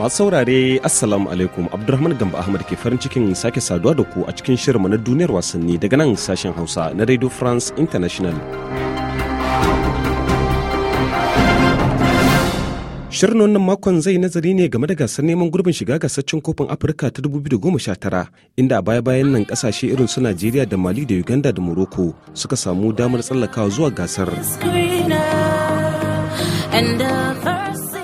Masu saurare Assalamu alaikum Abdulrahman Gamba Ahmad ke farin cikin sake saduwa da ku a cikin shirma na duniyar wasanni daga nan sashen Hausa na Radio France International. Shirin wannan makon zai nazari ne game da gasar neman gurbin shiga gasar cin kofin Afirka ta 2019 inda baya-bayan nan kasashe irin su Najeriya da Mali da Uganda da Morocco suka samu damar tsallakawa zuwa gasar. And,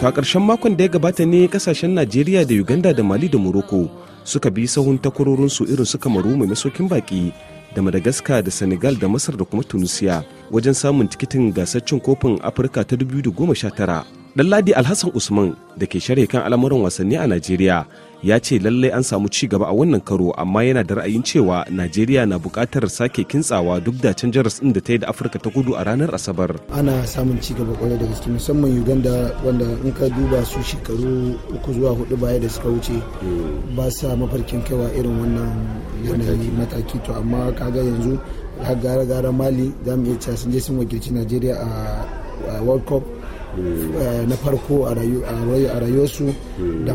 to a ƙarshen makon da ya gabata ne kasashen najeriya da uganda da mali da morocco suka bi sahun takwarorinsu irin su kamaru mai masokin baki da madagascar da senegal da masar da kuma tunisia wajen samun tikitin gasar cin kofin afirka ta 2019 ladi alhassan usman da ke share kan al'amuran wasanni a najeriya ya ce lallai an samu ci gaba a wannan karo amma yana da ra'ayin cewa najeriya na bukatar sake kintsawa duk da can jaras ɗin da ta yi da afirka ta kudu a ranar asabar ana samun ci gaba kwarai da gaske musamman uganda wanda in ka duba su shekaru uku zuwa hudu baya da suka wuce ba sa mafarkin kaiwa irin wannan yanayi mataki to amma kaga yanzu har gara-gara mali za mu iya cewa sun je sun wakilci najeriya a world cup Eh, na farko a rayuwarsu da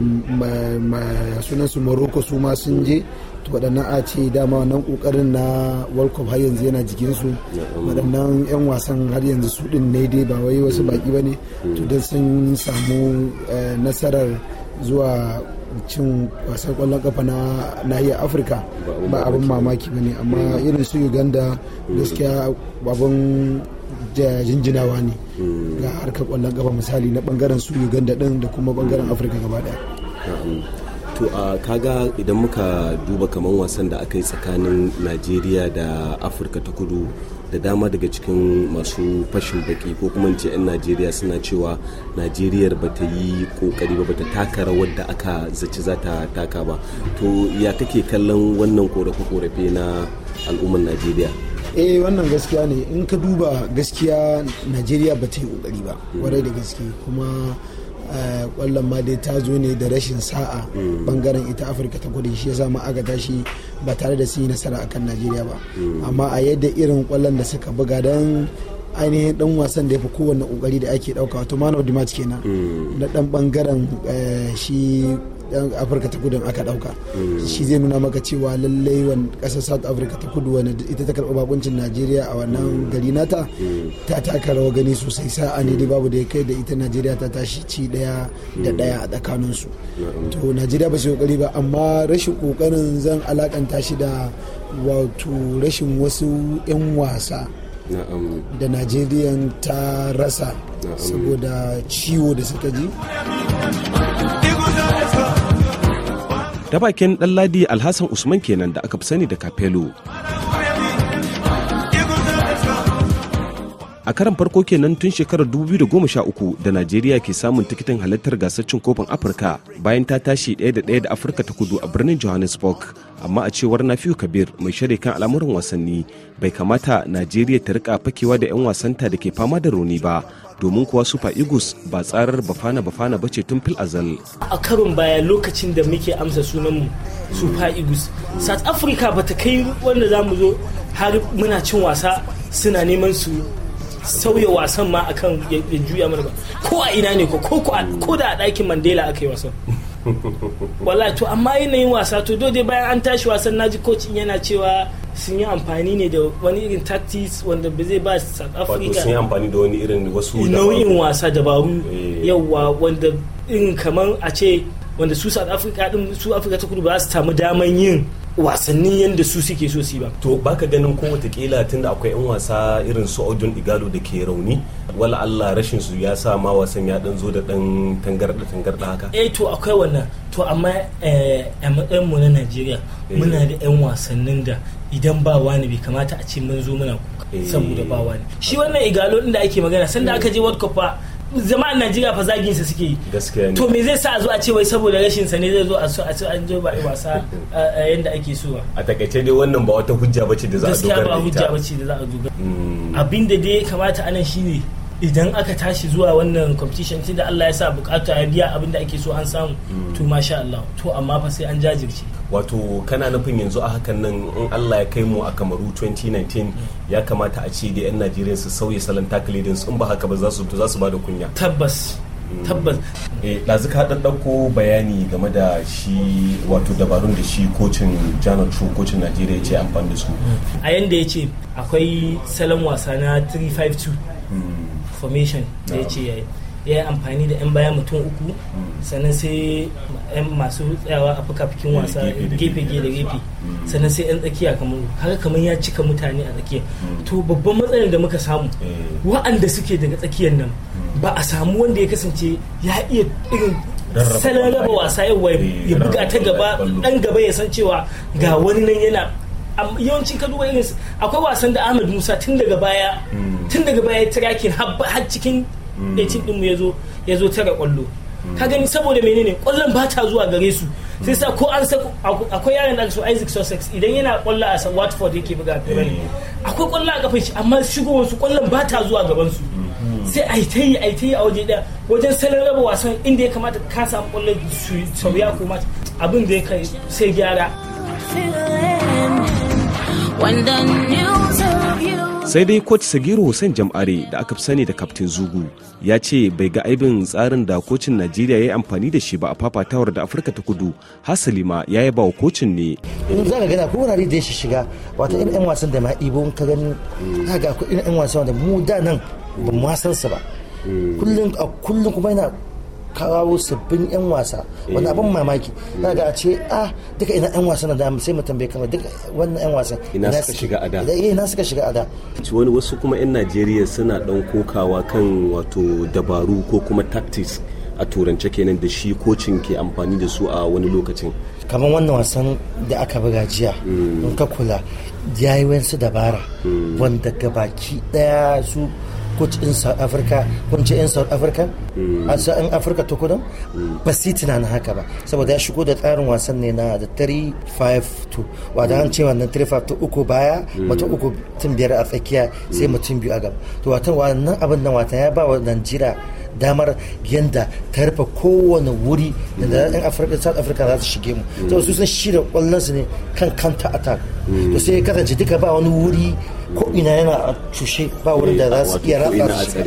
sunansu morocco su ma sun je to waɗannan a ce dama wannan ƙoƙarin na world cup har yanzu yana jikinsu waɗannan 'yan wasan har yanzu su ɗin ne dai ba wai wasu baƙi ba ne to don sun samu eh, nasarar zuwa cin wasan kwallon kafa na nahiyar afirka ba abin mamaki ba ne amma irin su uganda gaskiya abin. jinjinawa ne ga harkar kwallon kafa misali na bangaren su uganda din da kuma bangaren afirka gaba daya to a kaga idan muka duba kamar wasan da aka yi tsakanin najeriya da afirka ta kudu da dama daga cikin masu fashin baki ko kuma ce 'yan najeriya suna cewa najeriyar ba ta yi kokari ba ta taka rawar da aka zaci za ta taka ba to ya kake kallon wannan korafe-korafe na al'ummar najeriya e wannan gaskiya ne in ka duba gaskiya najeriya ba ta yi kokari ba kwarai da gaske kuma kwallon eh, ma dai ta zo ne da rashin sa'a bangaren ita afirka ta kudu shi ya ma aka tashi ba tare da sun yi nasara akan najeriya ba amma a yadda irin kwallon da suka buga don ainihin dan wasan da ya fi kowanne kokari da ake dauka wato man of the match kenan na dan bangaren eh, shi yan afirka ta kudu aka dauka shi zai nuna maka cewa lallai wani kasar south africa ta kudu wani ita ta karɓi bakuncin najeriya a wannan gari nata ta taka rawa gani sosai sa'a ne da babu da ya kai da ita najeriya ta tashi ci daya da daya a tsakanin su to najeriya ba su kokari ba amma rashin kokarin zan alakanta shi da wato rashin wasu 'yan wasa da najeriya ta rasa saboda ciwo da suka ji da bakin ɗanladi alhassan usman kenan da aka fi sani da kafelo a karan farko kenan tun shekarar 2013 da najeriya ke samun tikitin halittar gasar cin kofin afirka bayan ta tashi ɗaya da ɗaya da afirka ta kudu a birnin johannesburg amma a cewar nafiu kabir mai shirya kan al'amuran wasanni bai kamata najeriya ta rika fakewa da 'yan wasanta da ke fama da rauni ba domin kuwa super eagles ba tsarar bafana bafana ba ce tun fil azal a karon baya lokacin da muke amsa sunanmu super eagles south africa ba ta kai wanda za mu zo har muna cin wasa suna neman su sauya wasan ma akan ya juya mana ba ko a ina ne ko ko da a ɗakin mandela aka yi wasan wala to amma yanayin wasa to dole bayan an tashi wasan naji coach yana cewa sun yi amfani ne da wani irin tactics wanda ba zai ba South Africa sun yi amfani da wani irin wasu nau'in wasa dabaru eh. yawa wanda irin kamar a ce wanda su South Africa din su Africa ta kudu ba su samu daman yin wasannin yadda su suke so su ba. To baka ganin ko watakila tunda akwai 'yan wasa irin su Odun Igalo da ke rauni wala Allah rashin su ya sa ma wasan ya dan zo da dan tangarda tangarda haka. Eh to akwai wannan to amma eh, a matsayin mu na Najeriya eh. muna da 'yan wasannin da idan ba wani bai kamata a ce mun zo muna kuka eh. saboda ba wani. Shi wannan Igalo din da ake magana sanda aka je World Cup fa jama'an Najeriya fa zagin sa suke to me zai sa a zo a ce wai saboda rashin sa ne zai zo a so a ce an je ba wasa yanda ake so a takaice dai wannan ba wata hujja bace da za a dogara da ita gaskiya ba hujja bace da za a dogara mm. abinda dai kamata anan shine idan aka tashi zuwa wannan competition tun da Allah ya sa bukata ya biya abin da ake so an samu hmm. to masha Allah to amma fa sai an jajirce wato kana nufin yanzu a hakan nan in Allah ya kai mu a Kamaru 2019 ya kamata a ce da yan Najeriya su sauya salon takalidin in ba haka ba za su za su bada kunya tabbas hmm. tabbas eh dazu ka dan bayani game da shi wato dabarun da shi kocin Jana True kocin Najeriya ya ce amfani da su a yanda ya ce akwai salon wasa na 352 formation da ya ce ya yi amfani da 'yan baya mutum uku mm. sannan sai 'yan masu tsayawa a fikafikin wasa gefe da gefe mm. sannan sai 'yan tsakiya kamar haka kamar ya cika mutane a tsakiya mm. to babban matsalar da muka samu eh. wa'anda suke daga tsakiyar nan ba a samu wanda ya kasance ya iya irin salon raba wasa yau eh, ya buga ta gaba dan gaba ya san cewa ga wani nan yana yawancin ka irin akwai wasan da ahmad musa tun daga baya tun daga baya tracking har cikin ɗacin mm. ɗinmu ya zo ya zo tara ƙwallo mm. ka gani saboda menene ƙwallon ba ta zuwa gare su mm. sai sa ko an sako akwai yaran da su Isaac Sussex idan yana ƙwallo a Watford yake buga Premier akwai ƙwallo a kafin shi amma shigowar su ƙwallon ba ta zuwa gaban su sai a ta yi a ta yi a waje ɗaya wajen salon raba wasan inda ya kamata ka samu ƙwallon su sauya ko mata abin da ya kai sai gyara. sai dai kotu sagiru hussein jam'are da aka fi sani da kaftin zugu ya ce bai ga aibin tsarin da kocin najeriya ya yi amfani da shi ba a fafatawar da afirka ta kudu hasali ma ya yi wa kocin ne in za ka gana ko wurare da ya shiga wata irin yan wasan da ma ibo ka gani za ga akwai irin yan wasan da mu da nan ba mu san su ba mm. kullum a kullum kuma yana kawo sabbin yan wasa wani abin eh. mamaki na ga a ce a ah, duka ina yan wasa na da sai mu tambaye kamar duka wannan yan wasan ina suka shiga a da ina suka shiga a da eh, wani wasu kuma yan Najeriya suna dan kokawa kan wato dabaru ko kuma tactics a turance kenan da shi kocin ke amfani da su a wani lokacin kamar wannan wasan da aka buga jiya mm. in ka kula yayi wasu dabara mm. wanda gabaki daya su coach in south africa kunce in south africa mm. a sa'in africa ta kudan mm. ba su tunanin haka ba saboda ya shigo da tsarin wasan ne na da 3-5-2 wadda an mm. ce wannan 3-5-2 uku baya mutum uku tun biyar a tsakiya sai mutum biyu a gaba to watan wannan abin nan wata ya ba wa najeriya damar yadda ta rufe kowane wuri da yan afirka south africa za su shige mu to mm. su sun shirya kwallon su ne kan kanta attack to sai ya kasance duka ba wani wuri ko ina yana cushe ba wurin da za su iya rafa su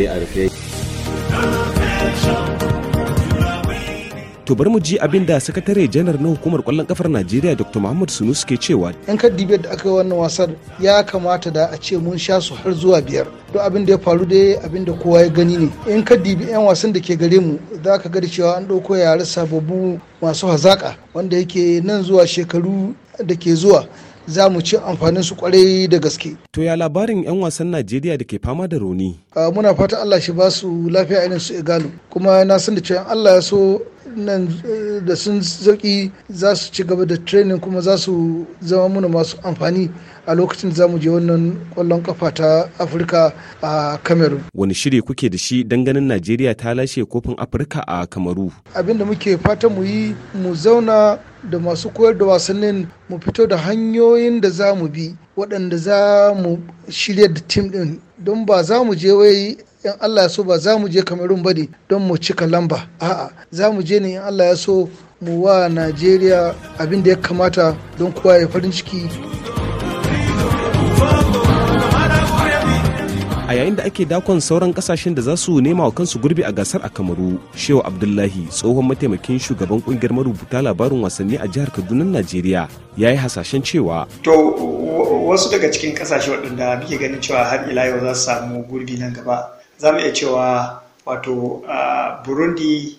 to bari mu ji abin da sakatare janar na hukumar kwallon kafar najeriya dr muhammad sunus ke cewa yan kan dibiyar da aka yi wannan wasan ya kamata da a ce mun sha su har zuwa biyar don abin da ya faru dai abin da kowa ya gani ne yan ka yan wasan da ke gare mu za ka ga da cewa an ɗauko yare sababbu masu hazaƙa wanda yake nan zuwa shekaru da ke zuwa za mu ci amfanin su kwarai da gaske. To ya labarin 'yan wasan Najeriya da ke fama da roni? Muna fata Allah shi ba su lafiya irin su igalu kuma na san da cewa Allah ya so nan eh, da sun zauki za su ci gaba da training kuma za su zama muna masu amfani a lokacin da za mu je wannan kwallon kafa ta afirka a kamerun. wani shiri kuke da shi don ganin najeriya ta lashe kofin afirka a kamaru abinda muke fata mu yi mu zauna da masu koyar da wasannin mu fito da hanyoyin da za mu bi waɗanda za mu shirya da tim ɗin don ba za mu je wai in Allah ya so ba za mu je kamerun ba ne don mu cika lamba a'a za mu je ne in Allah ya so mu wa Najeriya abin da ya kamata don kowa ya farin ciki yayin da ake dakon sauran kasashen da za su nema wa kansu gurbi a gasar a kamaru shehu abdullahi tsohon mataimakin shugaban kungiyar marubuta labarin wasanni a jihar kaduna najeriya ya yi hasashen cewa to wasu daga cikin kasashe waɗanda muke ganin cewa har ila yau za su samu gurbi nan gaba za mu iya cewa wato burundi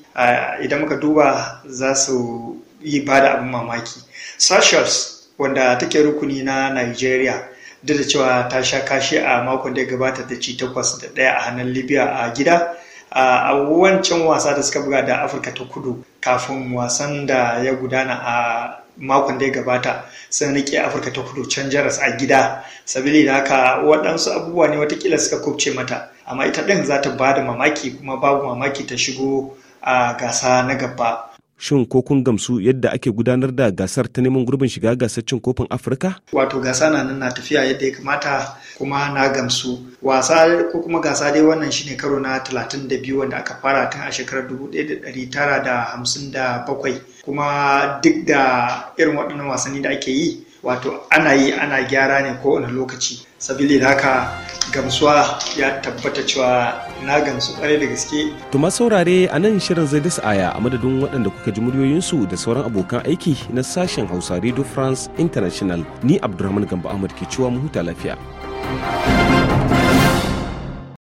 idan muka duba za su yi bada abin mamaki seychelles wanda take rukuni na nigeria duk da cewa ta sha kashi a makon da ya gabata da ci takwas da ɗaya a hannun libya a gida a wancan wasa da suka buga da afirka ta kudu kafin wasan da ya gudana a makon da ya gabata sun rike afirka ta kudu can jaras a gida sabili da haka waɗansu abubuwa ne watakila suka kubce mata amma ita ɗin za ta ba da mamaki kuma babu mamaki ta shigo a gasa na gaba shin ko kun gamsu yadda ake gudanar da gasar ta neman gurbin shiga gasar cin kofin afirka wato gasa na nan na tafiya yadda ya kamata kuma na gamsu wasa ko kuma gasa dai wannan shine karo na 32 wanda aka fara tun a shekarar 1957 kuma duk da irin waɗannan wasanni da ake yi wato ana yi ana gyara ne kowane lokaci sabili da haka gamsuwa ya tabbata cewa na gamsu kwarai da gaske. Tuma saurare a nan shirin zai dasa aya a madadin waɗanda kuka ji muryoyinsu da sauran abokan aiki na sashen Hausa Radio France International ni Abdulrahman Gamba Ahmad ke cewa mu huta lafiya.